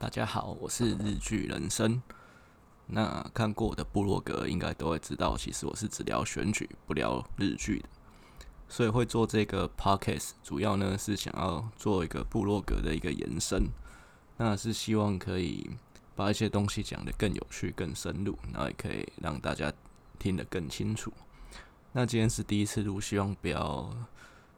大家好，我是日劇人生。那看過我的部落格應該都會知道，其實我是只聊選舉不聊日劇的，所以會做這個 podcast，主要呢是想要做一個部落格的一個延伸。那是希望可以把一些東西講得更有趣、更深入，然後也可以讓大家聽得更清楚。那今天是第一次錄，希望不要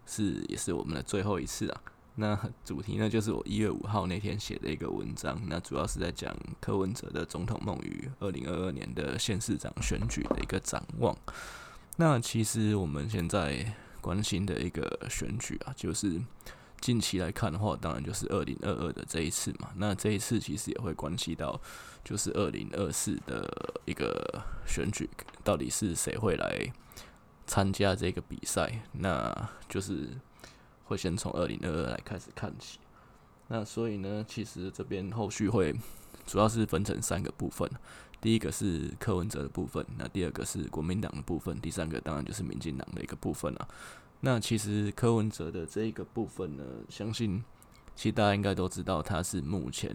是也是我們的最後一次啊。那主題呢，就是我一月五號那天寫的一個文章。那主要是在講柯文哲的總統夢與二零二二年的縣市長選舉的一個展望。那其實我們現在關心的一個選舉啊，就是近期來看的話，當然就是二零二二的這一次嘛。那這一次其實也會關係到，就是二零二四的一個選舉，到底是誰會來參加這個比賽？那就是。會先從二零二二來開始看起，那所以呢，其實這邊後續會主要是分成三個部分，第一個是柯文哲的部分，那第二個是國民黨的部分，第三個當然就是民進黨的一個部分了。那其實柯文哲的這個部分呢，相信其實大家應該都知道，他是目前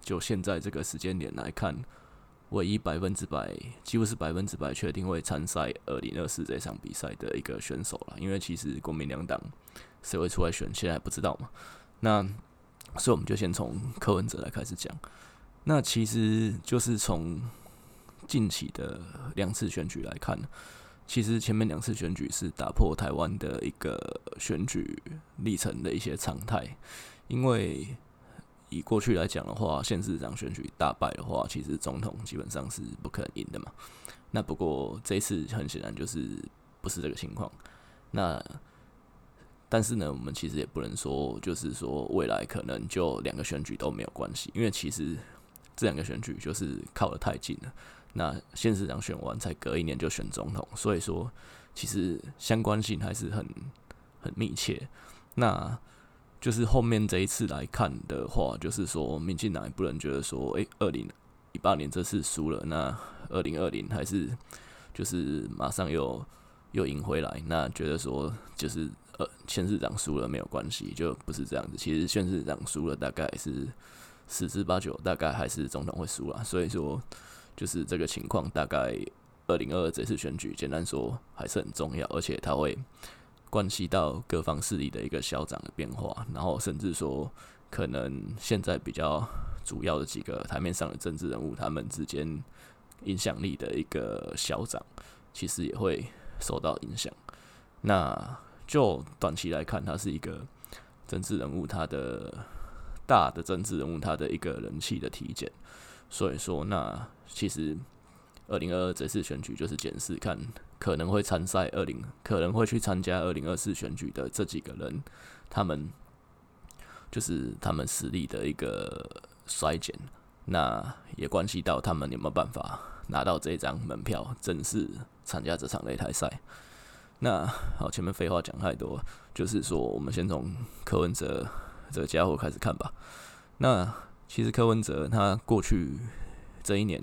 就現在這個時間點來看，唯一百分之百，幾乎是百分之百確定會參賽二零二四這場比賽的一個選手了，因為其實國民兩黨。誰會出來選？現在還不知道嘛。那所以我們就先從柯文哲來開始講。那其實就是從近期的兩次選舉來看，其實前面兩次選舉是打破台灣的一個選舉歷程的一些常態。因為以過去來講的話，縣市長選舉大敗的話，其實總統基本上是不可能贏的嘛。那不過這次很顯然就是不是這個情況。那但是呢，我們其實也不能說，就是說未來可能就兩個選舉都沒有關係，因為其實這兩個選舉就是靠得太近了。那縣市長選完，才隔一年就選總統，所以說其實相關性還是很很密切。那就是後面這一次來看的話，就是說民進黨也不能覺得說，哎、欸，二零一八年這次輸了，那二零二零還是就是馬上又又贏回來，那覺得說就是。呃，縣市長輸了沒有關係，就不是這樣子。其實縣市長輸了，大概是十之八九，大概還是總統會輸啦。所以說，就是這個情況，大概二零二二這次選舉，簡單說還是很重要，而且它會關係到各方勢力的一個消長的變化，然後甚至說，可能現在比較主要的幾個台面上的政治人物，他們之間影響力的一個消長，其實也會受到影響。那就短期來看，他是一個政治人物，他的大的政治人物，他的一個人氣的體檢。所以說，那其實二零二二這次選舉就是檢視，看可能會參賽二零，可能會去參加二零二四選舉的這幾個人，他們就是他們實力的一個衰減，那也關係到他們有沒有辦法拿到這張門票，正式參加這場擂台賽。那好，前面廢話講太多，就是說我們先從柯文哲這個家伙開始看吧。那其實柯文哲他過去這一年，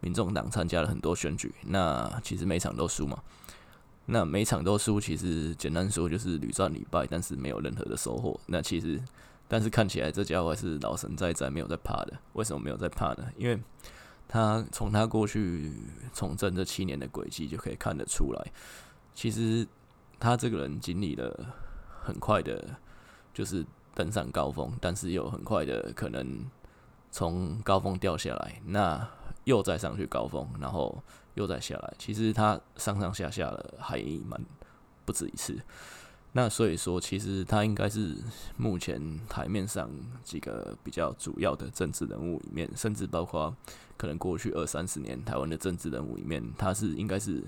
民眾黨參加了很多選舉，那其實每場都輸嘛。那每場都輸，其實簡單說就是屢戰屢敗，但是沒有任何的收穫。那其實，但是看起來這家伙還是老神在在，沒有在怕的。為什麼沒有在怕呢？因為他從他過去從政這七年的軌跡就可以看得出來。其實他這個人經歷了很快的，就是登上高峰，但是又很快的可能從高峰掉下來，那又再上去高峰，然後又再下來。其實他上上下下了還蠻不止一次。那所以說，其實他應該是目前台面上幾個比較主要的政治人物裡面，甚至包括可能過去二三十年台灣的政治人物裡面，他是應該是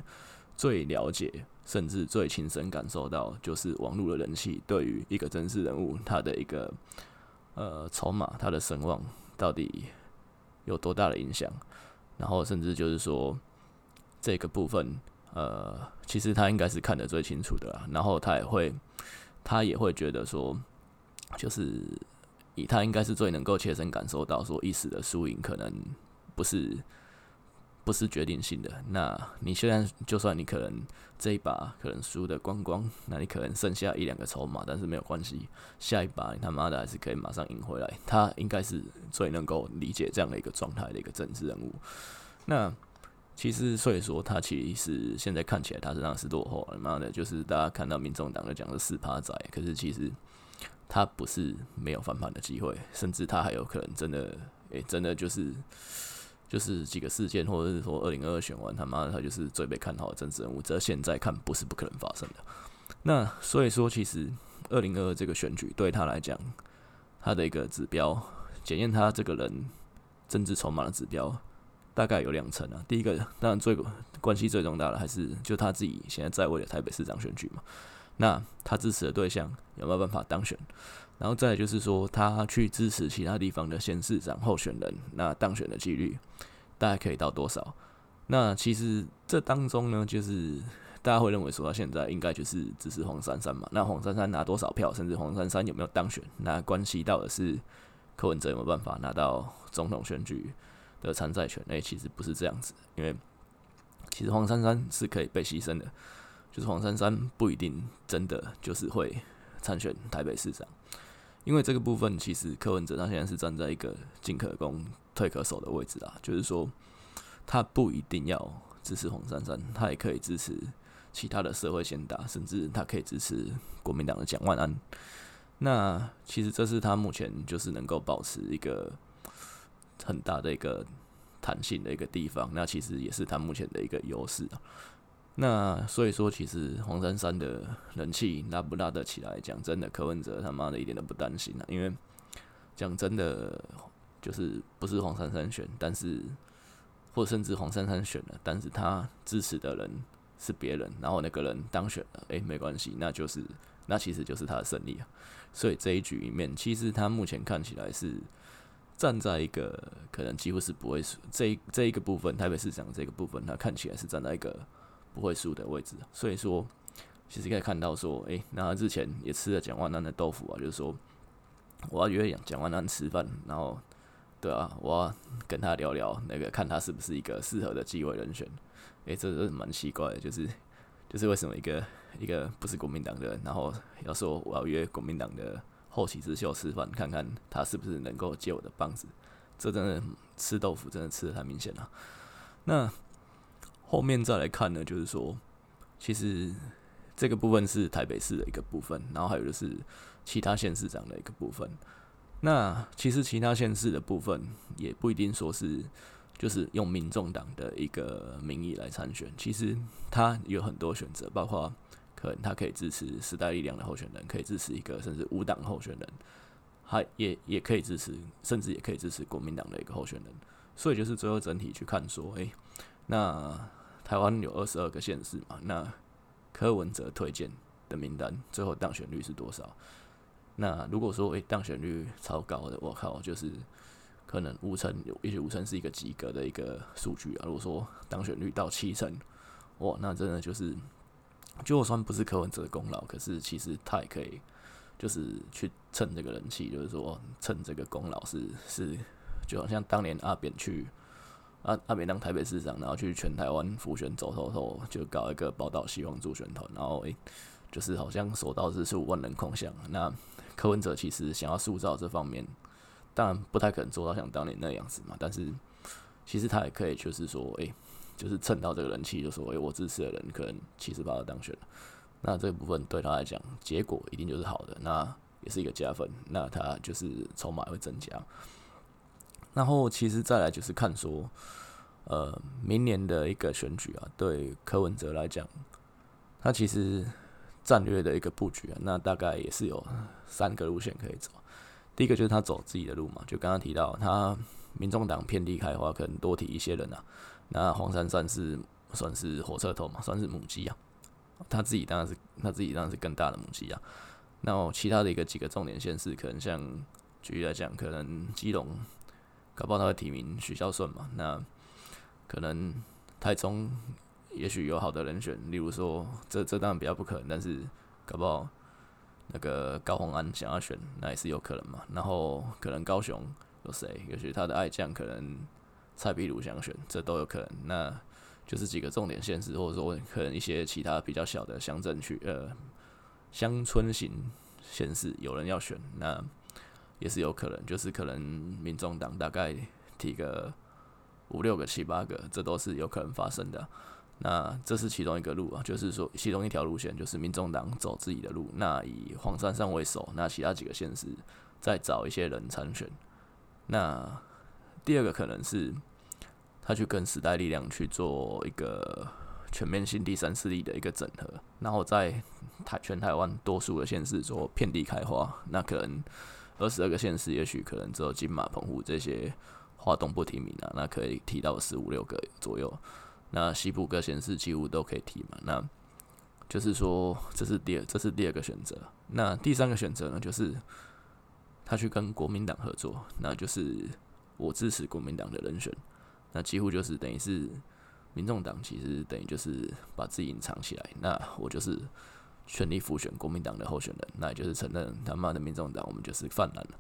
最了解。甚至最親身感受到，就是網絡的人氣對於一個真實人物他的一個呃籌碼，他的聲望到底有多大的影響。然後甚至就是說這個部分，呃，其實他應該是看得最清楚的。然後他也會，他也會覺得說，就是以他應該是最能夠切身感受到，說一時的輸贏可能不是。不是決定性的。那你現在就算你可能這一把可能輸得光光，那你可能剩下一兩個籌碼，但是沒有關係，下一把你他媽的還是可以馬上贏回來。他應該是最能夠理解這樣的一個狀態的一個政治人物。那其實所以說，他其實現在看起來他身上是落後，他媽的，就是大家看到民眾黨的講是四趴仔，可是其實他不是沒有翻盤的機會，甚至他還有可能真的，誒、欸，真的就是。就是幾個事件，或者是說二零二二選完，他媽的他就是最被看好的政治人物。這現在看，不是不可能發生的。那所以說，其實二零二二這個選舉對他來講，他的一個指標，檢驗他這個人政治籌碼的指標，大概有兩層啊。第一個，當然最關係最重大的，還是就他自己現在在位的台北市長選舉嘛。那他支持的對象有沒有辦法當選？然後再來就是說，他去支持其他地方的縣市長候選人，那當選的幾率大概可以到多少？那其實這當中呢，就是大家會認為說，他現在應該就是支持黃珊珊嘛。那黃珊珊拿多少票，甚至黃珊珊有沒有當選，那關係到的是柯文哲有沒有辦法拿到總統選舉的參賽權。哎、欸，其實不是這樣子，因為其實黃珊珊是可以被犧牲的，就是黃珊珊不一定真的就是會參選台北市長。因為這個部分，其實柯文哲他現在是站在一個進可攻、退可守的位置啊，就是說，他不一定要支持黃珊珊，他也可以支持其他的社會賢達，甚至他可以支持國民黨的蔣萬安。那其實這是他目前就是能夠保持一個很大的一個彈性的一個地方，那其實也是他目前的一個優勢啊。那所以說，其實黃珊珊的人氣拉不拉得起來？講真的，柯文哲他媽的一點都不擔心了啊。因為講真的，就是不是黃珊珊選，但是或甚至黃珊珊選了，但是他支持的人是別人，然後那個人當選了，哎，沒關係，那就是那其實就是他的勝利啊。所以這一局裡面，其實他目前看起來是站在一個可能幾乎是不會輸。這一這一個部分，台北市長這個部分，他看起來是站在一個。不會輸的位置，所以說其實可以看到說，誒，那他之前也吃了蔣萬安的豆腐啊，就是說我要約蔣萬安吃飯，然後對啊，我要跟他聊聊那個看他是不是一個適合的機會人選，誒，這是蠻奇怪的，就是就是為什麼一個一個不是國民黨的，然後要說我要約國民黨的後起之秀吃飯，看看他是不是能夠借我的棒子，這真的吃豆腐真的吃的太明顯了，那。後面再來看呢，就是說，其實這個部分是台北市的一個部分，然後還有就是其他縣市長的一個部分。那其實其他縣市的部分也不一定說是就是用民眾黨的一個名義來參選，其實他有很多選擇，包括可能他可以支持時代力量的候選人，可以支持一個甚至無黨候選人，他也也可以支持，甚至也可以支持國民黨的一個候選人。所以就是最後整體去看說，哎，那。台灣有二十二個縣市嘛？那柯文哲推薦的名單最後當選率是多少？那如果說誒、欸、當選率超高的，我靠，就是可能五成有也許，五成是一個及格的一個數據啊。如果說當選率到七成，哇，那真的就是就算不是柯文哲的功勞，可是其實他也可以就是去蹭這個人氣，就是說蹭這個功勞是是，就好像當年阿扁去。阿阿美當台北市長，然後去全台灣輔選走透透，就搞一個寶島，希望助選團。然後哎、欸，就是好像所到之處萬人空巷。那柯文哲其實想要塑造這方面，但不太可能做到像當年那樣子嘛。但是其實他也可以，就是說，哎、欸，就是蹭到這個人氣，就說，哎、欸，我支持的人可能七十八個當選了。那這個部分對他來講，結果一定就是好的，那也是一個加分。那他就是籌碼會增加。然後其實再來就是看說，呃，明年的一個選舉啊，對柯文哲來講，他其實戰略的一個布局啊，那大概也是有三個路線可以走。第一個就是他走自己的路嘛，就剛剛提到他民眾黨遍地開花，可能多提一些人啊。那黃珊珊是算是火車頭嘛，算是母雞啊。他自己當然是，他自己當然是更大的母雞啊。那我其他的一個幾個重點縣市，可能像舉例來講，可能基隆，搞不好他會提名許孝順嘛。那可能台中也許有好的人選，例如說這，這這當然比較不可能，但是搞不好那個高虹安想要選，那也是有可能嘛。然後可能高雄有誰，也許他的愛將可能蔡壁如想選，這都有可能。那就是幾個重點縣市，或者說可能一些其他比較小的鄉鎮區，呃，鄉村型縣市有人要選，那。也是有可能，就是可能民眾黨大概提個五六個、七八個，這都是有可能發生的。那這是其中一個路啊，就是說其中一條路線就是民眾黨走自己的路，那以黃珊珊為首，那其他幾個縣市再找一些人參選。那第二個可能是他去跟時代力量去做一個全面性第三勢力的一個整合，然後在台全台灣多數的縣市做遍地開花，那可能。二十二個縣市，也許可能只有金馬澎湖這些花東不提名啊，那可以提到十五六個左右。那西部各縣市幾乎都可以提嘛。那就是說，這是第二，這是第二個選擇。那第三個選擇呢，就是他去跟國民黨合作，那就是我支持國民黨的人選。那幾乎就是等於是民眾黨，其實等於就是把自己隱藏起來。那我就是。全力輔選國民黨的候選人，那也就是承認他媽的民眾黨，我們就是泛藍了。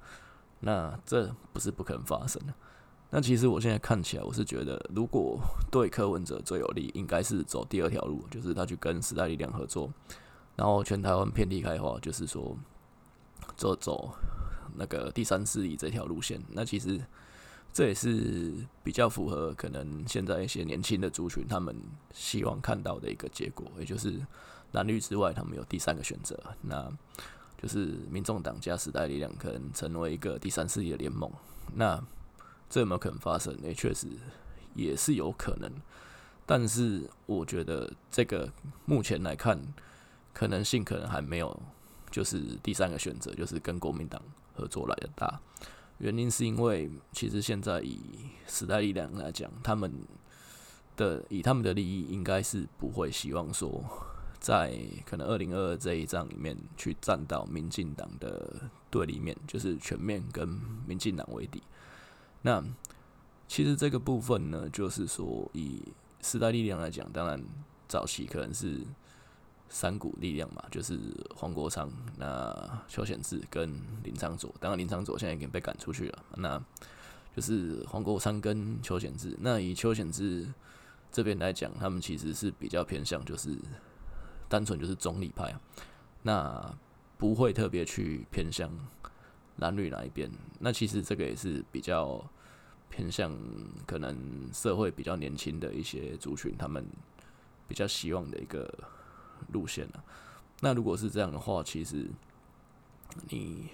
那這不是不可能發生的。那其實我現在看起來，我是覺得，如果對柯文哲最有利，應該是走第二條路，就是他去跟時代力量合作，然後全台灣遍地開花，就是說，就走那個第三勢力這條路線。那其實這也是比較符合可能現在一些年輕的族群他們希望看到的一個結果，也就是。藍綠之外，他們有第三個選擇，那就是民眾黨加時代力量可能成為一個第三勢力的聯盟。那這有沒有可能發生呢？欸，確實也是有可能，但是我覺得這個目前來看，可能性可能還沒有。就是第三個選擇，就是跟國民黨合作來的大原因，是因為其實現在以時代力量來講，他們的以他們的利益，應該是不會希望說。在可能二零二二這一仗裡面，去站到民進黨的對立面，就是全面跟民進黨為敵。那其實這個部分呢，就是說以時代力量來講，當然早期可能是三股力量嘛，就是黃國昌、那邱顯智跟林昶佐。當然林昶佐現在已經被趕出去了，那就是黃國昌跟邱顯智。那以邱顯智這邊來講，他們其實是比較偏向就是。單純就是中立派，那不會特別去偏向藍綠哪一邊。那其實這個也是比較偏向可能社會比較年輕的一些族群，他們比較希望的一個路線啊。那如果是這樣的話，其實你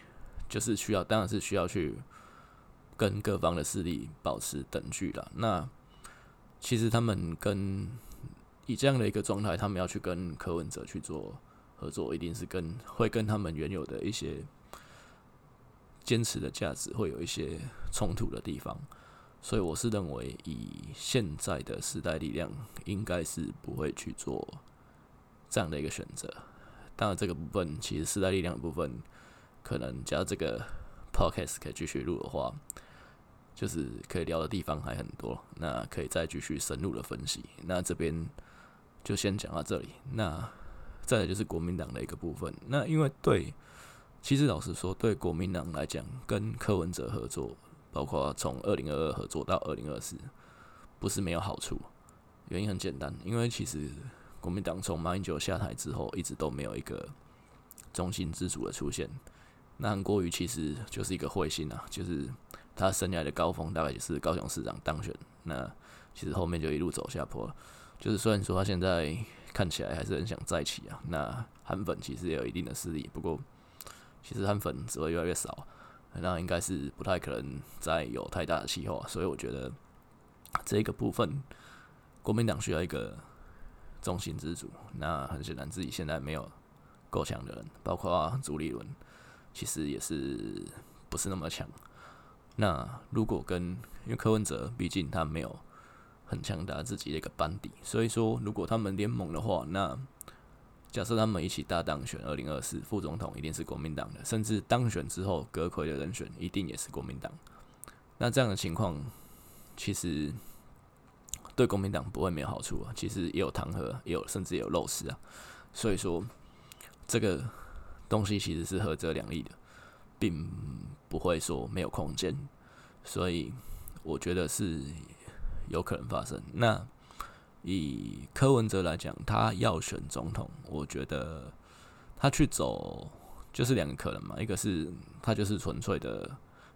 就是需要，當然是需要去跟各方的勢力保持等距了。那其實他們跟。以這樣的一個狀態，他們要去跟柯文哲去做合作，一定是跟會跟他們原有的一些堅持的價值會有一些衝突的地方。所以，我是認為以現在的時代力量，應該是不會去做這樣的一個選擇。當然，這個部分其實時代力量的部分，可能假如這個 podcast 可以繼續錄的話，就是可以聊的地方還很多，那可以再繼續深入的分析。那這邊。就先講到這裡。那再來就是國民黨的一個部分。那因為對，其實老實說，對國民黨來講，跟柯文哲合作，包括從二零二二合作到二零二四，不是沒有好處。原因很簡單，因為其實國民黨從馬英九下台之後，一直都沒有一個中興之主的出現。那韓國瑜，其實就是一個彗星啊，就是他生涯的高峰大概也是高雄市長當選。那其實後面就一路走下坡了。就是雖然說他現在看起來還是很想再起啊，那韓粉其實也有一定的勢力，不過其實韓粉只會越來越少，那應該是不太可能再有太大的氣候，啊，所以我覺得這個部分國民黨需要一個中興之主，那很顯然自己現在沒有夠強的人，包括、啊、朱立倫其實也是不是那麼強，那如果跟因為柯文哲，畢竟他沒有。很強大自己的一個班底，所以說如果他們聯盟的話，那假設他們一起搭檔選二零二四副總統，一定是國民黨的，甚至當選之後，閣揆的人選一定也是國民黨。那這樣的情況，其實對國民黨不會沒有好處啊，其實也有彈劾，也有甚至也有漏失啊，所以說這個東西其實是合則兩利的，並不會說沒有空間，所以我覺得是。有可能發生。那以柯文哲來講，他要選總統，我覺得他去走就是兩個可能嘛，一個是他就是純粹的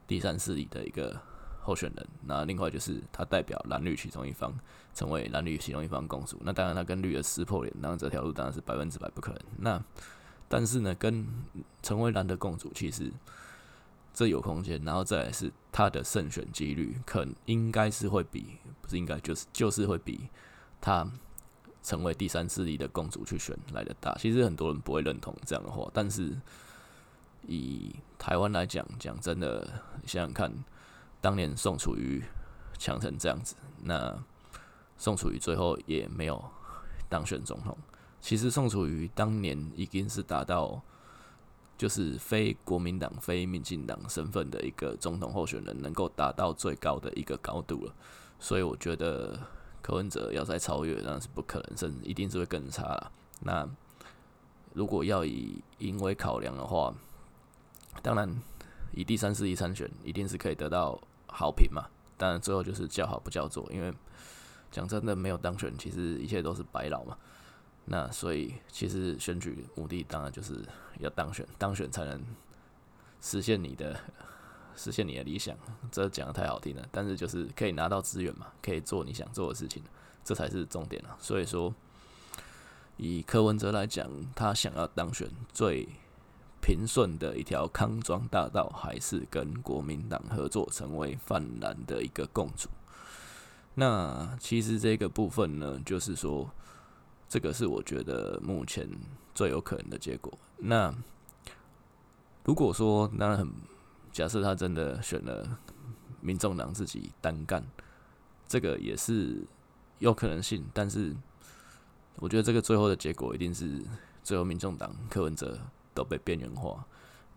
第三勢力的一個候選人，那另外就是他代表藍綠其中一方，成為藍綠其中一方共主。那當然他跟綠的撕破臉，那這條路當然是百分之百不可能。那但是呢，跟成為藍的共主，其實。這有空間，然後再來是他的勝選幾率，可能應該是會比，不是應該就是就是會比他成為第三勢力的公主去選來得大。其實很多人不會認同這樣的話，但是以台灣來講，講真的，你想想看，當年宋楚瑜強成這樣子，那宋楚瑜最後也沒有當選總統。其實宋楚瑜當年已經是達到。就是非國民黨、非民進黨身份的一個總統候選人，能夠達到最高的一個高度了。所以我覺得柯文哲要再超越，那是不可能，甚至一定是會更差了。那如果要以贏為考量的話，當然以第三勢力參選，一定是可以得到好評嘛。當然最後就是叫好不叫座，因為講真的，沒有當選，其實一切都是白勞嘛。那所以，其實選舉目的當然就是要當選，當選才能實現你的實現你的理想。這講得太好聽了，但是就是可以拿到資源嘛，可以做你想做的事情，這才是重點了啊。所以說，以柯文哲來講，他想要當選最平順的一條康莊大道，還是跟國民黨合作，成為泛藍的一個共主。那其實這個部分呢，就是說。這個是我覺得目前最有可能的結果。那如果說那很，假設他真的選了民眾黨自己單幹，這個也是有可能性。但是我覺得這個最後的結果一定是最後民眾黨柯文哲都被邊緣化。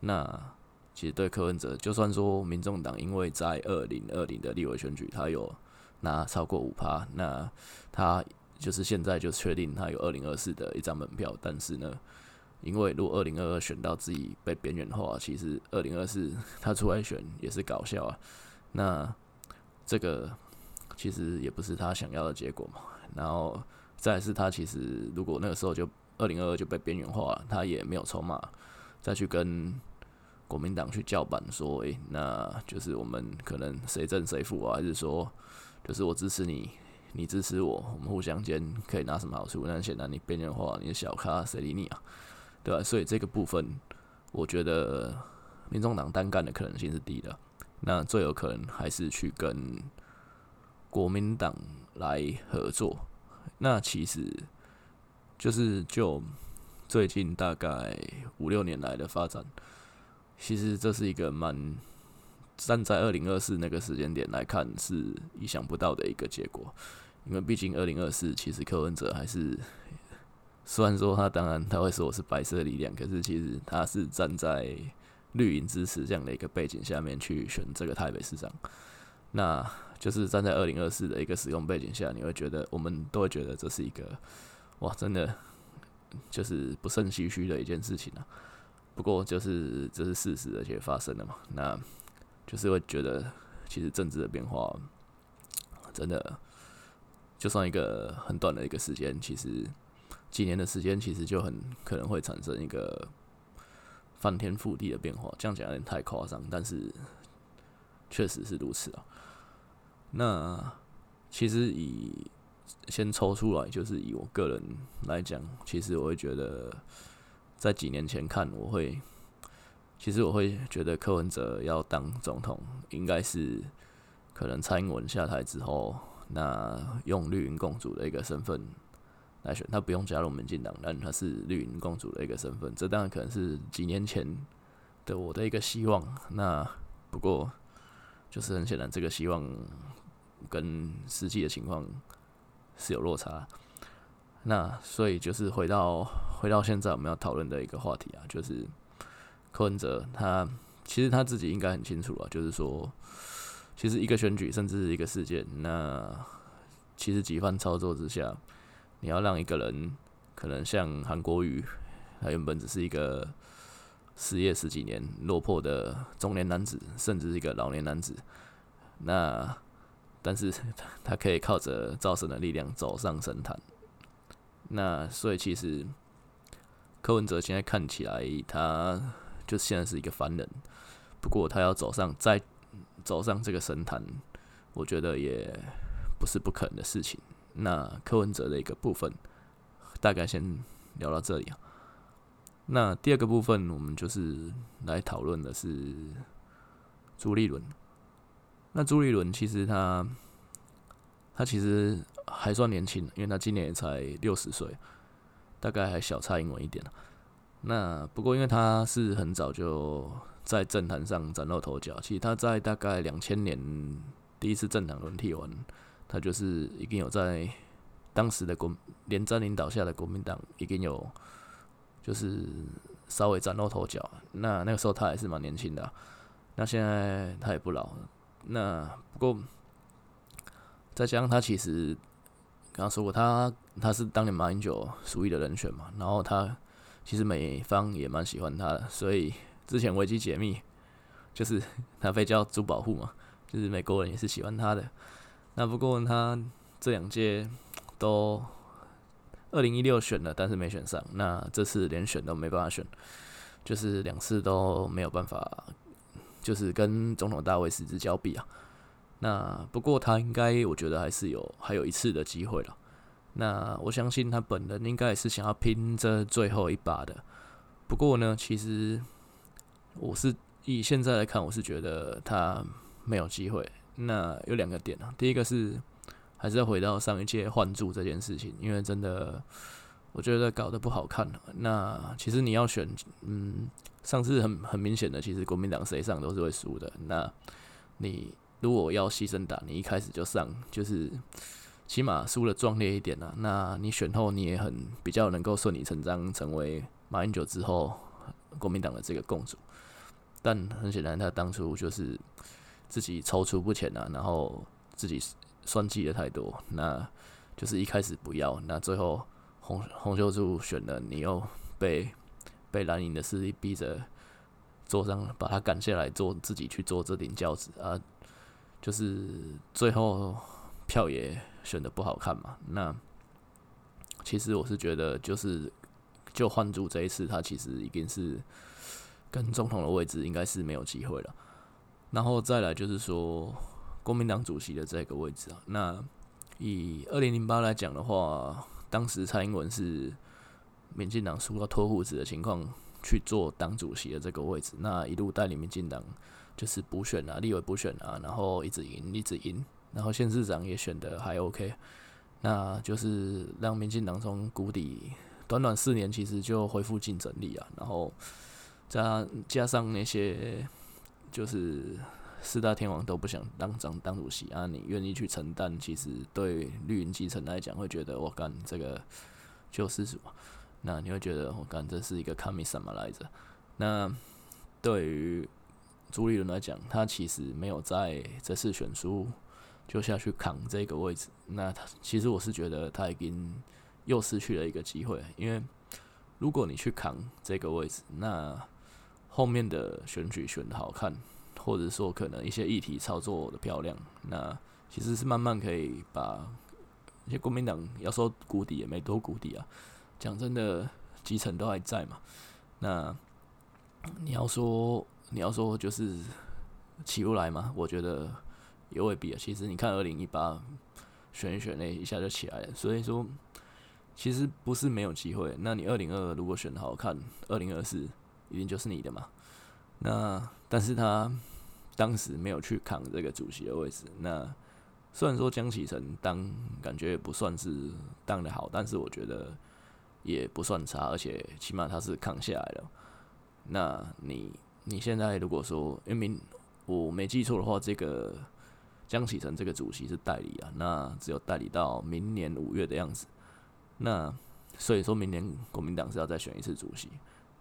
那其實對柯文哲，就算說民眾黨因為在二零二零的立委選舉，他有拿超過五趴，那他。就是現在就確定他有二零二四的一張門票，但是呢，因為如果二零二二選到自己被邊緣化，其實二零二四他出來選也是搞笑啊。那這個其實也不是他想要的結果嘛。然後再是他其實如果那個時候就二零二二就被邊緣化了，他也沒有籌碼再去跟國民黨去叫板說，誒、欸，那就是我們可能誰勝誰負啊，還是說就是我支持你，你支持我，我們互相間可以拿什麼好處？那顯然你變的話，你的小咖，誰理你啊？對吧、啊？所以這個部分，我覺得民眾黨單幹的可能性是低的。那最有可能還是去跟國民黨來合作。那其實就是就最近大概五六年來的發展，其實這是一個蠻。站在二零二四那個時間點來看，是意想不到的一個結果，因為畢竟二零二四其實柯文哲還是，雖然說他當然他會說我是白色力量，可是其實他是站在綠營支持這樣的一個背景下面去選這個台北市長，那就是站在二零二四的一個時空背景下，你會覺得我們都會覺得這是一個哇，真的就是不勝唏噓的一件事情啊。不過就是這是事實，而且發生了嘛，那。就是會覺得，其實政治的變化真的就算一個很短的一個時間，其實幾年的時間，其實就很可能會產生一個翻天覆地的變化。這樣講有點太誇張，但是確實是如此啊。那其實以先抽出來，就是以我個人來講，其實我會覺得在幾年前看，我會。其實我會覺得柯文哲要當總統，應該是可能蔡英文下台之後，那用綠營共主的一個身份來選，他不用加入民進黨，但他是綠營共主的一個身份，這當然可能是幾年前的我的一個希望。那不過就是很顯然，這個希望跟實際的情況是有落差。那所以就是回到回到現在我們要討論的一個話題啊，就是。柯文哲，他其實他自己應該很清楚了，啊，就是說，其實一個選舉，甚至是一個事件，那其實幾番操作之下，你要讓一個人，可能像韓國瑜，他原本只是一個失業十幾年，落魄的中年男子，甚至是一個老年男子，那但是他可以靠着造神的力量走上神壇，那所以其實柯文哲現在看起來他。就現在是一個凡人，不過他要走上再走上這個神壇，我覺得也不是不可能的事情。那柯文哲的一個部分，大概先聊到這裡。那第二個部分，我們就是來討論的是朱立倫。那朱立倫其實他他其實還算年輕，因為他今年也才六十歲，大概還小蔡英文一點。那不過，因為他是很早就在政壇上嶄露頭角。其實他在大概兩千年第一次政黨輪替完，他就是已經有在當時的國連戰領導下的國民黨已經有就是稍微嶄露頭角。那那個時候他還是蠻年輕的，啊，那現在他也不老。那不過再加上他其實剛剛說過，他他是當年馬英九屬意的人選嘛，然後他。其實美方也蠻喜歡他的，所以之前維基解密，就是他被叫“珠寶戶”嘛，就是美國人也是喜歡他的。那不過他這兩屆都2016選了，但是沒選上。那這次連選都沒辦法選，就是兩次都沒有辦法，就是跟總統大位失之交臂啊。那不過他應該，我覺得還是有還有一次的機會了。那我相信他本人應該也是想要拼這最後一把的。不過呢，其實我是以現在來看，我是覺得他沒有機會。那有兩個點，第一個是還是要回到上一屆換柱這件事情，因為真的我覺得搞得不好看。那其實你要選，嗯，上次很很明顯的，其實國民黨誰上都是會輸的。那你如果要犧牲打，你一開始就上，就是。起碼輸了壯烈一點呢、啊。那你選後，你也很比較能夠順理成章成為馬英九之後國民黨的這個共主。但很顯然，他當初就是自己躊躇不前吶、啊，然後自己算計的太多。那就是一開始不要，那最後洪洪秀柱選了，你又被被藍營的勢力逼着坐上，把他趕下來做，做自己去做這頂轎子啊。就是最後票也。選的不好看嘛。那其實我是覺得，就是就換住這一次，他其實已經是跟總統的位置應該是沒有機會了。然後再來就是說，國民黨主席的這個位置啊，那以二零零八來講的話，當時蔡英文是民進黨輸到脫褲子的情況去做黨主席的這個位置，那一路帶領民進黨就是補選啊、立委補選啊，然後一直贏，一直贏。然後縣市長也選的還 OK，那就是讓民進黨從谷底短短四年其實就恢復競爭力啊。然後加加上那些就是四大天王都不想當黨當主席啊，你願意去承擔，其實對綠營基層來講會覺得我幹這個就是什麼？那你會覺得我幹這是一個 coming 什麼來着？那對於朱立倫來講，他其實沒有在這次選書。就下去扛這個位置，那他其實我是覺得他已經又失去了一個機會，因為如果你去扛這個位置，那後面的選舉選的好看，或者說可能一些議題操作的漂亮，那其實是慢慢可以把一些國民黨要說谷底也沒多谷底啊，講真的基層都還在嘛，那你要說你要說就是起不來嘛，我覺得。也未必啊，其實你看二零一八選一選那一下就起來了，所以說其實不是沒有機會。那你二零二二如果選好看，二零二四一定就是你的嘛。那但是他當時沒有去扛這個主席的位置。那雖然說江啟臣當感覺也不算是當的好，但是我覺得也不算差，而且起碼他是扛下來了。那你你現在如果說因為我沒記錯的話，這個。江啟臣這個主席是代理啊，那只有代理到明年五月的樣子，那所以說明年國民黨是要再選一次主席，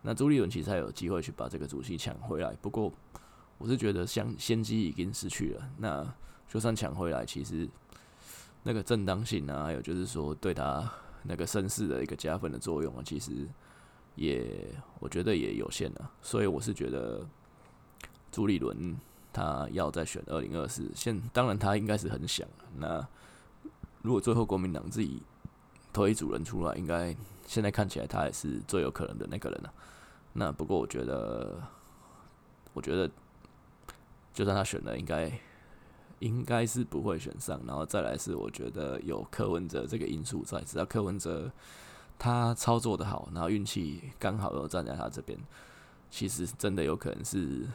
那朱立倫其實才有機會去把這個主席搶回來。不過我是覺得，先先機已經失去了，那就算搶回來，其實那個正當性啊，還有就是說對他那個聲勢的一個加分的作用啊，其實也我覺得也有限了啊，所以我是覺得朱立倫。他要再選二零二四，現當然他應該是很想。那如果最後國民黨自己推一組人出來，應該現在看起來他也是最有可能的那個人了啊。那不過我覺得，我覺得就算他選了，應該應該是不會選上。然後再來是，我覺得有柯文哲這個因素在，只要柯文哲他操作得好，然後運氣剛好又站在他這邊，其實真的有可能是。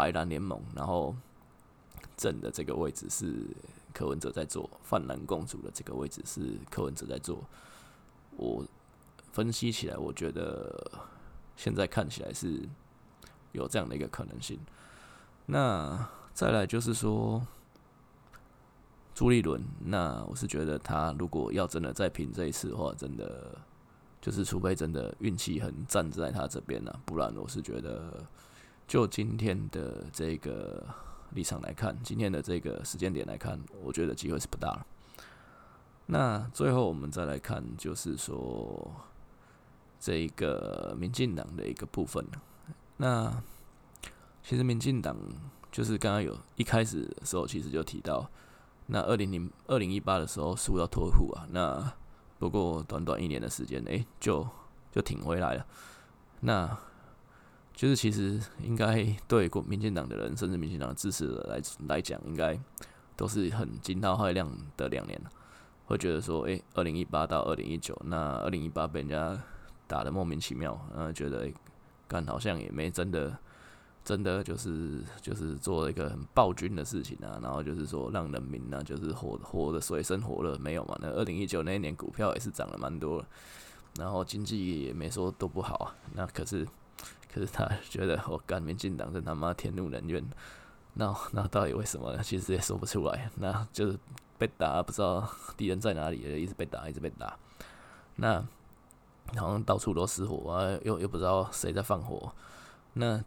白蘭聯盟，然後正的這個位置是柯文哲在做，泛藍共主的這個位置是柯文哲在做。我分析起來，我覺得現在看起來是有這樣的一個可能性。那再來就是說朱立倫，那我是覺得他如果要真的再拼這一次的話，真的就是除非真的運氣很站在他這邊了，啊，不然我是覺得。就今天的這個立場來看，今天的這個時間點來看，我覺得機會是不大了。那最後我們再來看，就是說這個民進黨的一個部分。那其實民進黨就是剛剛有一開始的時候，其實就提到，那二零零二零一八的時候輸到脫褲啊，那不過短短一年的時間，哎、欸，就就挺回來了。那。就是其實應該對國民黨的人，甚至民進黨的支持者來來講，應該都是很驚濤駭浪的兩年。會覺得說，哎、欸，二零一八到二零一九，那二零一八被人家打得莫名其妙，嗯，覺得幹、欸、好像也沒真的真的就是就是做了一個很暴君的事情啊，然後就是說讓人民呢、啊、就是活活的水深火熱沒有嘛？那二零一九那一年股票也是漲了蠻多，然後經濟也沒說多不好啊，那可是。可是他覺得，我幹民進黨真他媽天怒人怨，no, 那那到底為什麼呢？其實也說不出來。那就是被打，不知道敵人在哪裡，一直被打，一直被打。那好像到處都失火啊，又又不知道誰在放火。那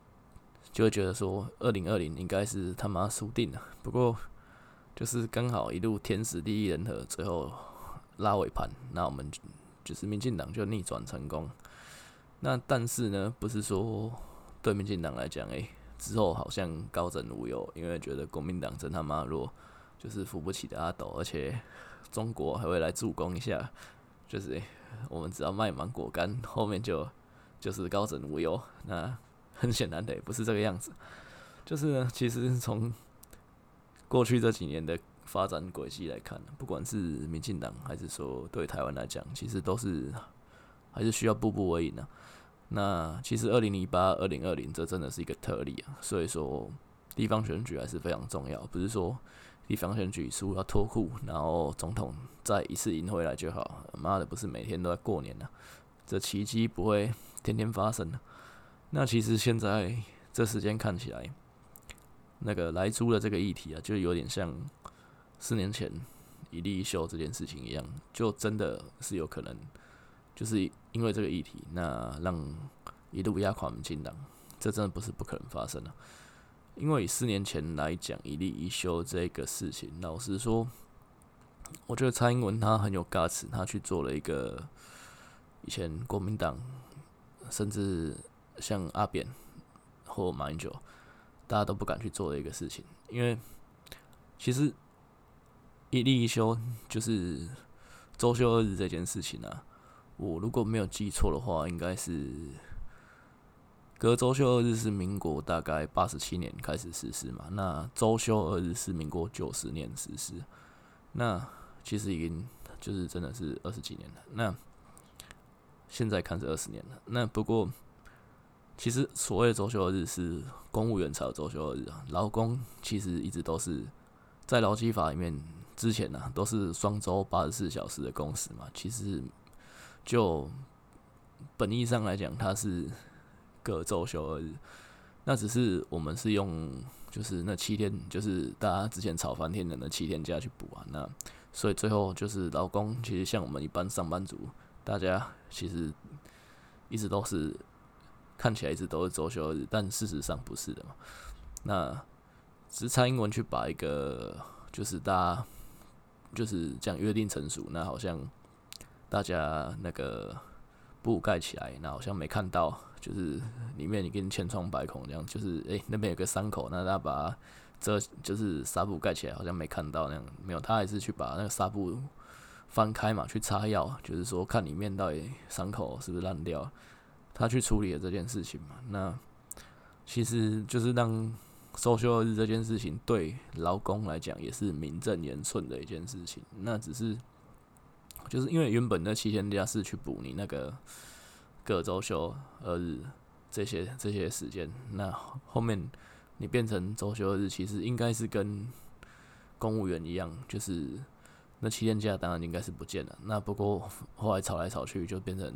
就覺得說，二零二零應該是他媽輸定了。不過就是剛好一路天時地利人和，最後拉尾盤，那我們就、就是民進黨就逆轉成功。那但是呢，不是說對民進黨來講，誒、欸，之後好像高枕無憂，因為覺得國民黨真他媽弱，就是扶不起的阿斗，而且中國還會來助攻一下，就是我們只要賣芒果乾，後面就就是高枕無憂。那很顯然的，也不是這個樣子，就是呢，其實從過去這幾年的發展軌跡來看，不管是民進黨還是說對台灣來講，其實都是還是需要步步為營啊。那其實二零一八、二零二零這真的是一個特例啊，所以說地方選舉還是非常重要，不是說地方選舉輸了脫褲，然後總統再一次贏回來就好。媽的，不是每天都在過年啊，這奇蹟不會天天發生的、啊。那其實現在這時間看起來，那個萊豬的這個議題啊，就有點像四年前一例一休這件事情一樣，就真的是有可能。就是因為這個議題，那讓一度壓垮民進黨，這真的不是不可能發生的。因為四年前來講，一例一休這一個事情，老實說，我覺得蔡英文他很有 guts，他去做了一個以前國民黨甚至像阿扁或馬英九大家都不敢去做的一個事情。因為其實一例一休就是周休二日這件事情啊。我如果沒有記錯的話，應該是隔周休二日是民國大概八十七年開始實施嘛。那周休二日是民國九十年實施，那其實已經就是真的是二十幾年了。那現在看是二十年了。那不過，其實所謂的周休二日是公務員才有周休二日啊。勞工其實一直都是在勞基法裡面之前呢，啊，都是雙周八十四小時的工時嘛。其實。就本意上來講，它是個週休二日，那只是我們是用就是那七天，就是大家之前吵翻天的那七天假去補啊。那所以最後就是，勞工其實像我們一般上班族，大家其實一直都是看起來一直都是週休二日，但事實上不是的嘛。那只是蔡英文去把一個就是大家就是講約定成熟，那好像。大家那個布蓋起來，那好像沒看到，就是裡面已經千瘡百孔那樣，就是誒、欸，那邊有個傷口，那大把他把遮就是紗布蓋起來，好像沒看到那樣，沒有，他還是去把那個紗布翻開嘛，去擦藥，就是說看裡面到底傷口是不是爛掉，他去處理了這件事情嘛。那其實就是讓週休日這件事情對勞工來講也是名正言順的一件事情，那只是。就是因為原本那七天假是去補你那個隔周休二日這些這些時間，那後面你變成周休二日，其實應該是跟公務員一樣，就是那七天假當然應該是不見了。那不過後來吵來吵去，就變成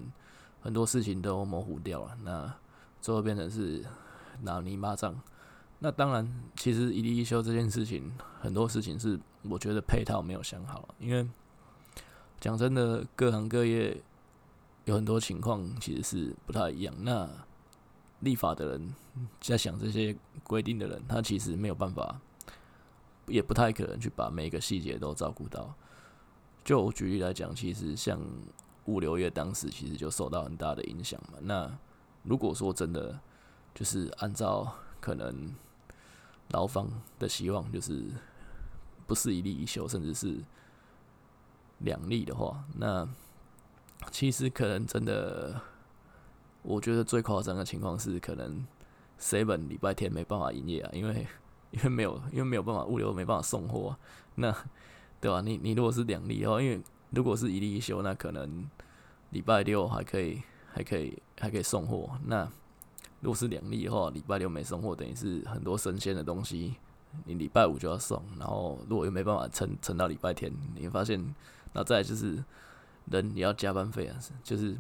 很多事情都模糊掉了。那最後變成是拿泥巴賬。那當然，其實一例一休這件事情，很多事情是我覺得配套沒有想好，因為。講真的，各行各業有很多情況其實是不太一樣。那立法的人，在想這些規定的人，他其實沒有辦法，也不太可能去把每個細節都照顧到。就舉例來講，其實像物流業當時其實就受到很大的影響嘛。那如果說真的就是按照可能勞方的希望，就是不是一例一休，甚至是。兩例的話，那其實可能真的，我覺得最誇張的情況是，可能 seven 禮拜天沒辦法營業啊，因為因為沒有因為沒有辦法，物流沒辦法送貨，啊、那對吧，啊？你你如果是兩例哦，因為如果是一例一休，那可能禮拜六還可以還可以還可以送貨，那如果是兩例的話，禮拜六沒送貨，等於是很多生鮮的東西，你禮拜五就要送，然後如果又沒辦法撐撐到禮拜天，你會發現。然後再來就是，人也要加班費啊，就是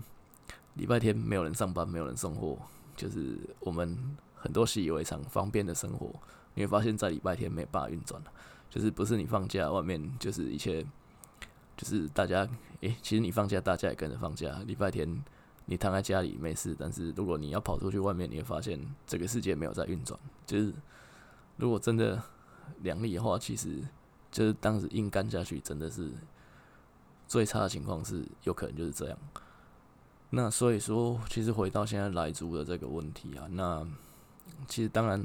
禮拜天沒有人上班，沒有人送貨，就是我們很多習以為常方便的生活，你會發現在禮拜天沒有辦法運轉了。就是不是你放假，外面就是一切，就是大家，誒、欸，其實你放假，大家也跟着放假。禮拜天你躺在家裡沒事，但是如果你要跑出去外面，你會發現這個世界沒有在運轉。就是如果真的兩力的話，其實就是當時硬幹下去，真的是。最差的情況是有可能就是這樣，那所以說，其實回到現在萊豬的這個問題啊，那其實當然，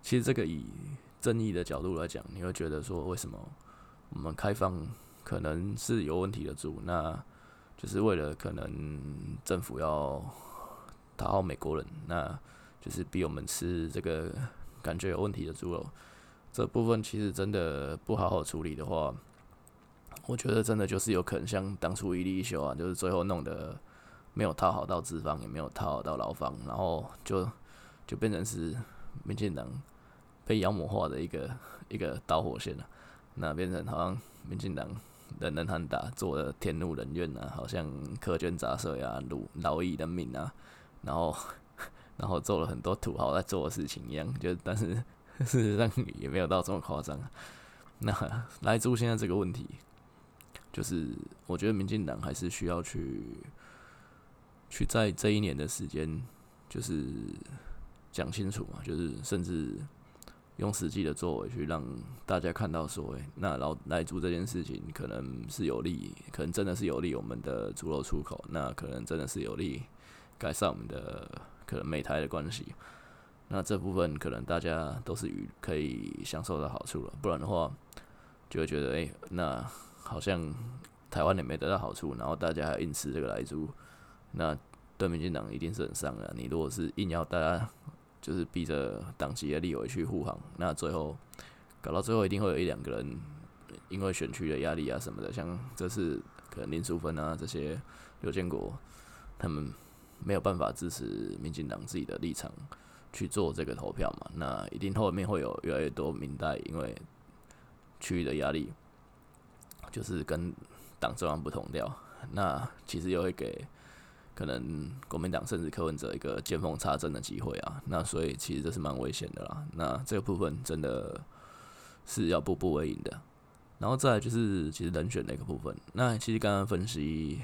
其實這個以正義的角度來講，你會覺得說，為什麼我們開放可能是有問題的豬，那就是為了可能政府要討好美國人，那就是逼我們吃這個感覺有問題的豬肉，這部分其實真的不好好處理的話。我覺得真的就是有可能像當初一例一休啊，就是最後弄得沒有討好到資方，也沒有討好到勞方，然後就就變成是民進黨被妖魔化的一個一個導火線了。那變成好像民進黨人人喊打，做了天怒人怨啊，好像苛捐雜稅呀、啊、勞勞役人命啊，然後然後做了很多土豪在做的事情一樣。就但是事實上也沒有到這麼誇張。那來，就現在這個問題。就是我覺得民進黨還是需要去，去在這一年的時間，就是講清楚嘛，就是甚至用實際的作為去讓大家看到所謂、欸、那老來做這件事情，可能是有利，可能真的是有利我們的豬肉出口，那可能真的是有利改善我們的可能美台的關係，那這部分可能大家都是可以享受的好處了，不然的話就會覺得、欸，哎，那。好像台灣也沒得到好處，然後大家還硬吃這個萊豬，那對民進黨一定是很傷的啊。你如果是硬要大家就是逼着黨籍的立委去護航，那最後搞到最後一定會有一兩個人因為選區的壓力啊什麼的，像這次可能林淑芬啊這些劉建國他們沒有辦法支持民進黨自己的立場去做這個投票嘛，那一定後面會有越來越多民代因為區域的壓力。就是跟黨中央不同調，那其實又會給可能國民黨甚至柯文哲一個見縫插針的機會啊。那所以其實這是蠻危險的啦。那這個部分真的是要步步為營的。然後再來就是其實人選那個部分，那其實剛剛分析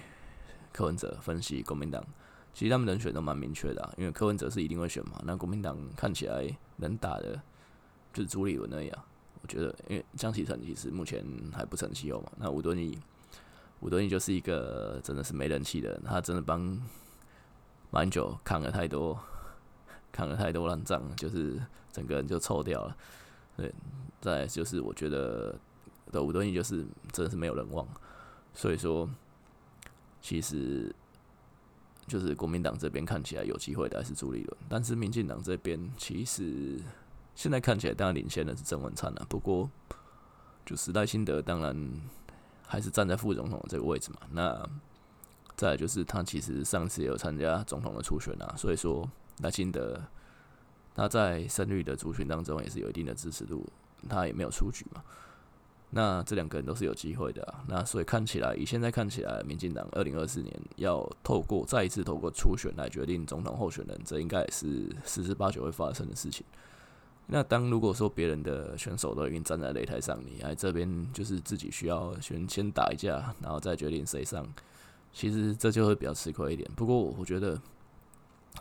柯文哲，分析國民黨，其實他們人選都蠻明確的啊，因為柯文哲是一定會選嘛。那國民黨看起來能打的就是朱立倫那樣。我覺得，因為江啟臣其實目前還不成氣候嘛。那吳敦義，吳敦義就是一個真的是沒人氣的人，他真的幫蠻久，扛了太多，扛了太多爛仗，就是整個人就臭掉了。對，再來就是我覺得的吳敦義就是真的是沒有人望，所以說，其實就是國民黨這邊看起來有機會，但是朱立倫，但是民進黨這邊其實。現在看起來，當然領先的是鄭文燦了、啊。不過，就是賴清德當然還是站在副總統的這個位置嘛。那再來就是，他其實上次也有參加總統的初選啊。所以說，賴清德他在生育的族群當中也是有一定的支持度，他也沒有出局嘛。那這兩個人都是有機會的、啊。那所以看起來，以現在看起來，民進黨二零二四年要透過再一次透過初選來決定總統候選人，這應該也是十之八九會發生的事情。那當如果說別人的選手都已經站在擂台上，你來這邊就是自己需要先先打一架，然後再決定誰上，其實這就會比較吃虧一點。不過我覺得，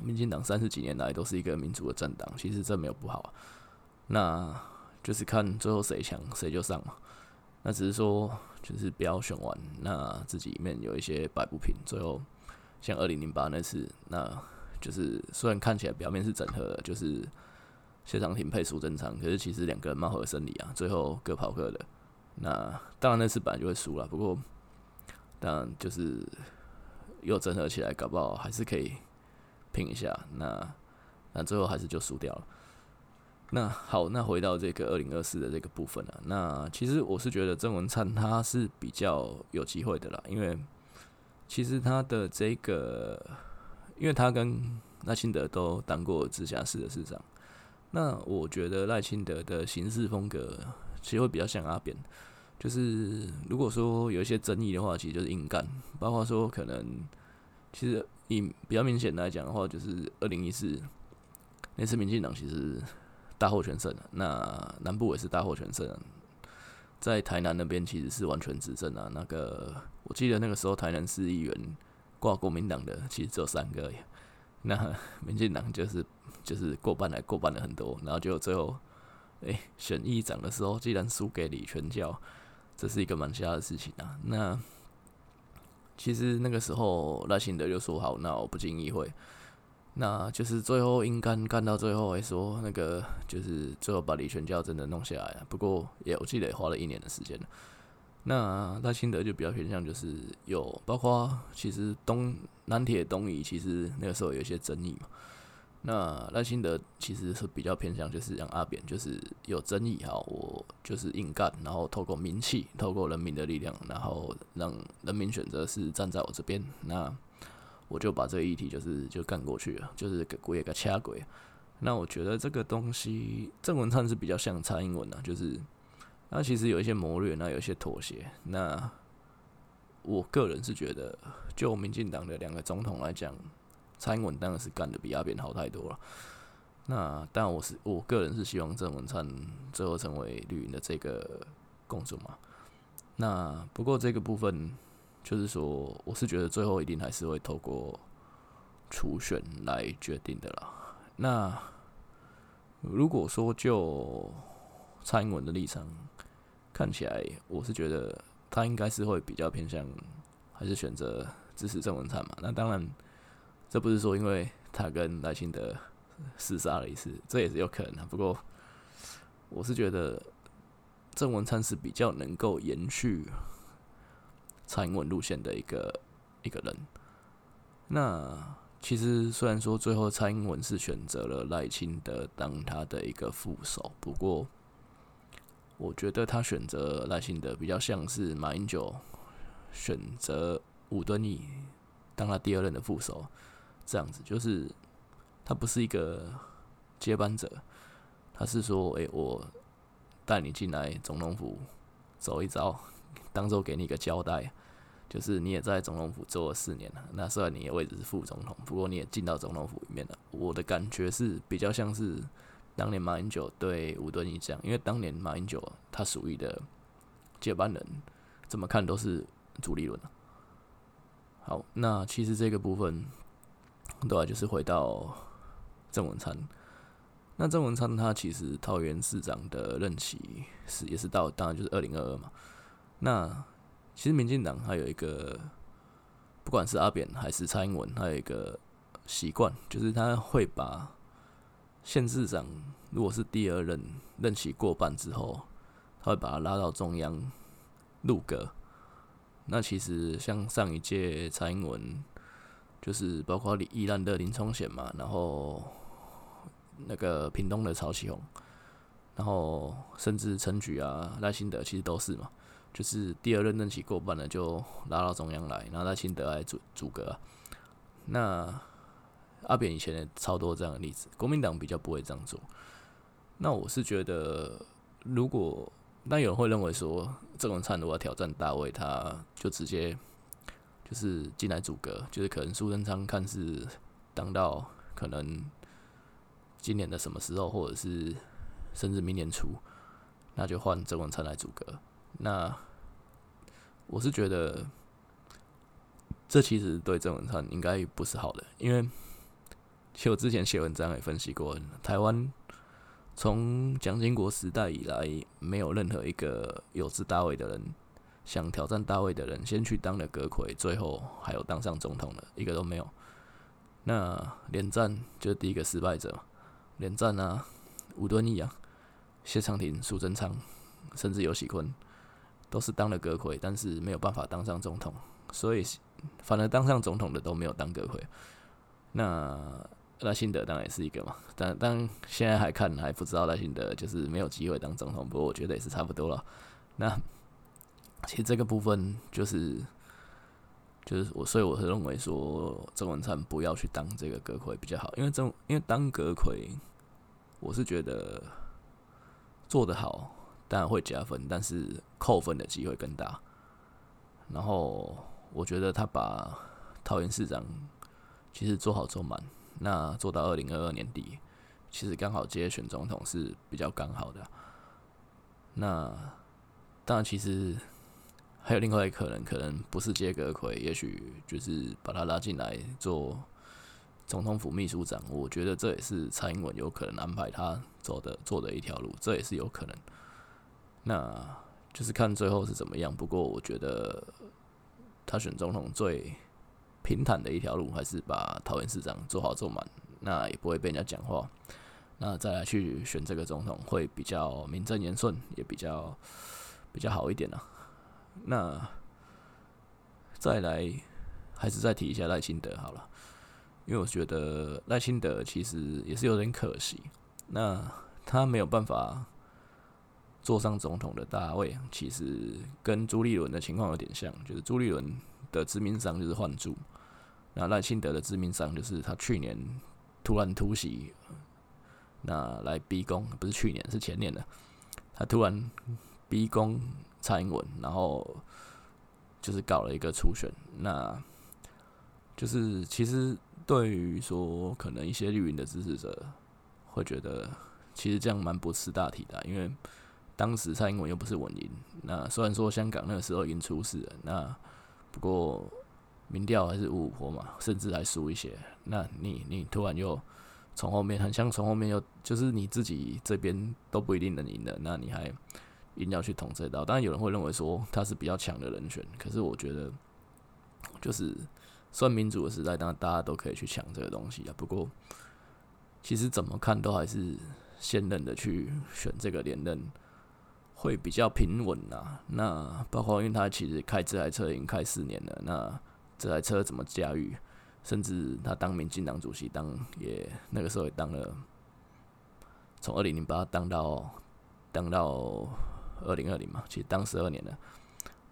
民進黨三十幾年來都是一個民主的政黨，其實這沒有不好啊。那就是看最後誰強誰就上嘛。那只是說就是不要選完，那自己裡面有一些擺不平。最後像二零零八那次，那就是雖然看起來表面是整合，就是。謝長廷配蘇貞昌，可是其實兩個人貌合神離啊，最後各跑各的。那當然那次本來就會輸了，不過當然就是又整合起來，搞不好還是可以拼一下。那那最後還是就輸掉了。那好，那回到這個二零二四的這個部分了啊。那其實我是覺得鄭文燦他是比較有機會的啦，因為其實他的這個，因為他跟賴清德都當過直轄市的市長。那我覺得賴清德的行事風格其實會比較像阿扁，就是如果說有一些爭議的話，其實就是硬幹，包括說可能其實以比較明顯來講的話，就是二零一四那次民進黨其實大獲全勝，那南部也是大獲全勝，在台南那邊其實是完全執政啊。那個我記得那個時候台南市議員掛國民黨的其實只有三個而已，那民進黨就是。就是過半了，過半了很多，然後就最後，哎、欸，選議長的時候，竟然輸給李全教，這是一個蠻奇葩的事情啊。那其實那個時候賴清德就說好，那我不進議會。那就是最後應該幹到最後，還說那個就是最後把李全教真的弄下來了。不過也我記得也花了一年的時間。那賴清德就比較偏向，就是有包括其實東南鐵東移，其實那個時候有一些爭議嘛。那賴清德其實是比較偏向，就是讓阿扁就是有爭議哈，我就是硬幹，然後透過民氣，透過人民的力量，然後讓人民選擇是站在我這邊，那我就把這個議題就是就幹過去了，就是給鬼也給掐鬼。那我覺得這個東西鄭文燦是比較像蔡英文的啊，就是他其實有一些謀略，那有一些妥協。那我個人是覺得，就民進黨的兩個總統來講。蔡英文當然是幹的比阿扁好太多了。那但我是我個人是希望鄭文燦最後成為綠營的這個共主嘛。那不過這個部分就是說，我是覺得最後一定還是會透過初選來決定的啦。那如果說就蔡英文的立場看起來，我是覺得他應該是會比較偏向，還是選擇支持鄭文燦嘛。那當然。這不是說因為他跟賴清德廝殺了一次，這也是有可能的。不過，我是覺得鄭文燦是比較能夠延續蔡英文路線的一個一個人。那其實雖然說最後蔡英文是選擇了賴清德當他的一個副手，不過我覺得他選擇賴清德比較像是馬英九選擇吳敦義當他第二任的副手。這樣子就是，他不是一個接班者，他是說，誒、欸，我帶你進來總統府走一遭，當做給你一個交代，就是你也在總統府做了四年了，那算你的位置是副總統，不過你也進到總統府裡面了。我的感覺是比較像是當年馬英九對吳敦義這樣，因為當年馬英九他屬於的接班人，怎麼看都是朱立倫。好，那其實這個部分。對啊，就是回到鄭文燦。那鄭文燦他其實桃園市長的任期是也是到，當然就是二零二二嘛。那其實民進黨還有一個，不管是阿扁還是蔡英文，還有一個習慣，就是他會把縣市長，如果是第二任任期過半之後，他會把他拉到中央入閣。那其實像上一屆蔡英文。就是包括宜蘭的林聰賢嘛，然後那個屏東的曹啟鴻，然後甚至陳菊啊、賴清德，其實都是嘛。就是第二任任期過半了，就拉到中央來，然後賴清德來組組閣。那阿扁以前也超多這樣的例子，國民黨比較不會這樣做。那我是覺得，如果那有人會認為說，鄭文燦如果要挑戰大位，他就直接。就是進來組閣，就是可能蘇貞昌看似當到可能今年的什麼時候，或者是甚至明年初，那就換鄭文燦來組閣。那我是覺得這其實對鄭文燦應該不是好的，因為其實我之前寫文章也分析過，台灣從蔣經國時代以來，沒有任何一個有志大為的人。想挑戰大位的人，先去當了閣揆，最後還有當上總統的一個都沒有。那連戰就是第一個失敗者嘛。連戰啊，吳敦義啊，謝長廷、蘇貞昌，甚至游錫堃，都是當了閣揆，但是沒有辦法當上總統。所以，反正當上總統的都沒有當閣揆。那賴清德當然也是一個嘛，但但現在還看還不知道賴清德就是沒有機會當總統，不過我覺得也是差不多了。那。其實這個部分就是，就是我，所以我是認為說鄭文燦不要去當這個閣揆比較好，因為鄭，因為當閣揆，我是覺得做得好當然會加分，但是扣分的機會更大。然後我覺得他把桃園市長其實做好做滿，那做到二零二二年底，其實剛好接選總統是比較剛好的。那，當然其實。還有另外一可能，可能不是接閣揆，也許就是把他拉進來做總統府秘書長。我覺得這也是蔡英文有可能安排他走的、做的一條路，這也是有可能。那就是看最後是怎麼樣。不過我覺得他選總統最平坦的一條路，還是把桃園市長做好做滿，那也不會被人家講話。那再來去選這個總統，會比較名正言順，也比較比較好一點呢、啊。那再來，還是再提一下賴清德好了，因為我覺得賴清德其實也是有點可惜。那他沒有辦法坐上總統的大位，其實跟朱立倫的情況有點像，就是朱立倫的致命傷就是換柱，那賴清德的致命傷就是他去年突然突襲，那來逼宮，不是去年，是前年了，他突然逼宮。蔡英文，然後就是搞了一個初選，那就是其實對於說可能一些綠營的支持者會覺得，其實這樣蠻不識大體的、啊，因為當時蔡英文又不是穩贏，那雖然說香港那個時候已經出事了，那不過民調還是五五波嘛，甚至還輸一些，那你你突然又從後面很像從後面又就是你自己這邊都不一定能贏的，那你還。一定要去捅這刀，當然有人會認為說他是比較強的人選，可是我覺得就是算民主的時代，當然大家都可以去搶這個東西啊。不過其實怎麼看都還是現任的去選這個連任會比較平穩啊。那包括因為他其實開這台車已經開四年了，那這台車怎麼駕馭？甚至他當民進黨主席當也那個時候也當了，從二零零八當到當到、當到二零二零嘛，其實當十二年了，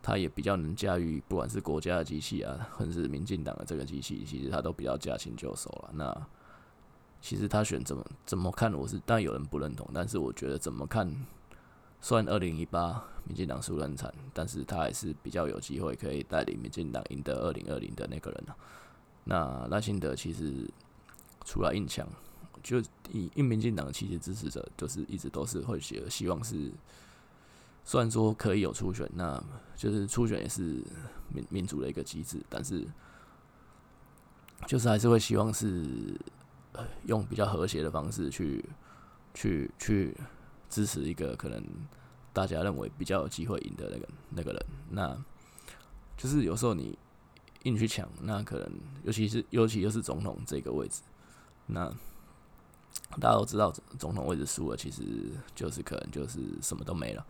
他也比較能駕馭，不管是國家的機器啊，或者是民進黨的這個機器，其實他都比較駕輕就熟了。那其實他選怎麼怎麼看，我是，當然有人不認同。但是我覺得怎麼看，雖然二零一八民進黨輸人慘，但是他還是比較有機會可以帶領民進黨贏得二零二零的那個人，啊、那賴清德其實除了印強，就因民進黨其實支持者就是一直都是會寫希望是。雖然說可以有初選，那就是初選也是民民主的一個機制，但是就是還是會希望是用比較和諧的方式去去去支持一個可能大家認為比較有機會贏的那個那個人。那就是有時候你硬去搶，那可能尤其是尤其又是總統這個位置，那大家都知道總統位置輸了，其實就是可能就是什麼都沒了。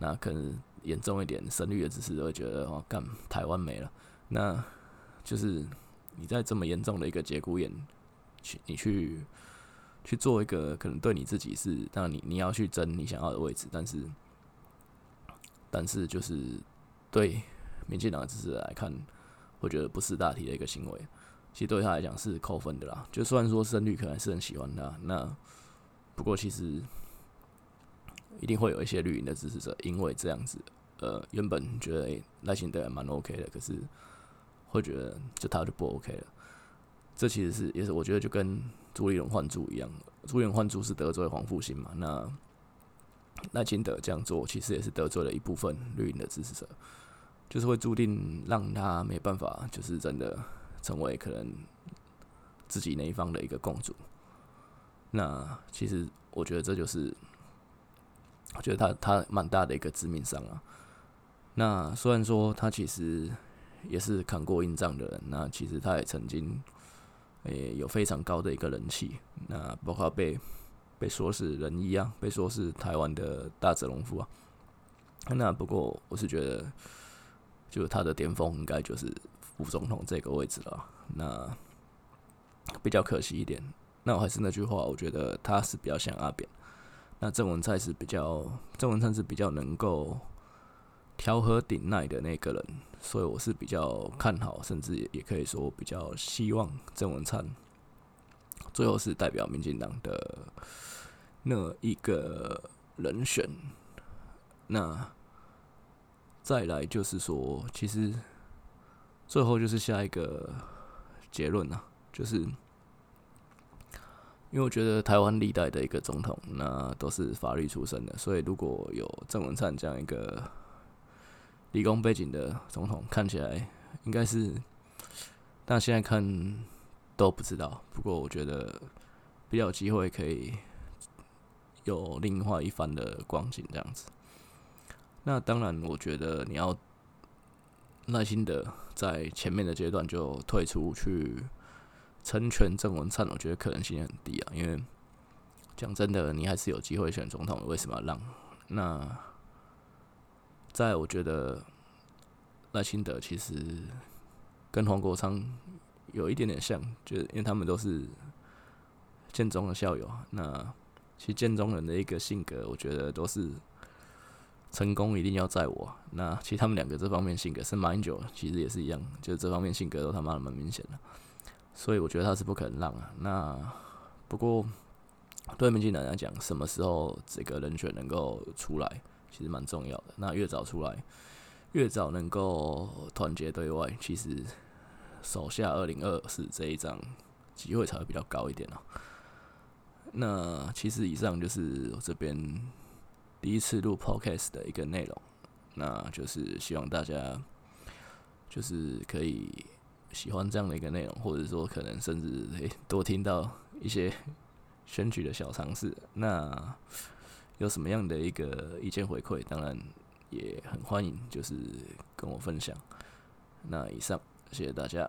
那可能嚴重一點，深綠的知識都會覺得哦，幹台灣沒了。那就是你在這麼嚴重的一個節骨眼去，你去去做一個可能對你自己是，那你你要去爭你想要的位置，但是，但是就是對民進黨的支持來看，我覺得不識大體的一個行為。其實對他來講是扣分的啦。就雖然說深綠可能是很喜歡他，那不過其實。一定會有一些綠營的支持者，因為這樣子，呃，原本覺得賴清德也蠻 OK 的，可是會覺得就他就不 OK 了。這其實是也是我覺得就跟朱立倫換柱一樣，朱立倫換柱是得罪黃復興嘛，那賴清德這樣做其實也是得罪了一部分綠營的支持者，就是會注定讓他沒辦法，就是真的成為可能自己那一方的一個共主。那其實我覺得這就是。覺得他他蠻大的一個致命傷啊。那雖然說他其實也是扛過硬仗的人，那其實他也曾經也有非常高的一個人氣。那包括被被說是仁醫啊，被說是台灣的大澤隆夫啊。那不過我是覺得，就他的巔峰應該就是副總統這個位置了啊。那比較可惜一點。那我還是那句話，我覺得他是比較像阿扁。那鄭文燦是比較，鄭文燦是比較能夠調和鼎鼐的那個人，所以我是比較看好，甚至也可以說比較希望鄭文燦最後是代表民進黨的那一個人選。那再來就是說，其實最後就是下一個結論了，就是。因為我覺得台灣歷代的一個總統，那都是法律出身的，所以如果有鄭文燦這樣一個理工背景的總統，看起來應該是，但現在看都不知道。不過我覺得比較有機會可以有另外一,一番的光景這樣子。那當然，我覺得你要耐心的在前面的階段就退出去。成全鄭文燦，我覺得可能性很低啊，因為講真的，你還是有機會選總統，為什麼要讓？那在我覺得賴清德其實跟黃國昌有一點點像，就是、因為他們都是建中的校友。那其實建中人的一個性格，我覺得都是成功一定要在我。那其實他們兩個這方面性格，馬英九，其實也是一樣，就是這方面性格都他媽蠻明顯的。所以我覺得他是不可能讓啊。那不過對面進來來講，什麼時候這個人選能夠出來，其實蠻重要的。那越早出來，越早能夠團結對外，其實手下二零二四這一仗機會才會比較高一點哦、喔。那其實以上就是我這邊第一次錄 podcast 的一個內容，那就是希望大家就是可以。喜歡這樣的一個內容，或者說可能甚至多聽到一些選舉的小嘗試，那有什麼樣的一個意見回饋？當然也很歡迎，就是跟我分享。那以上，謝謝大家。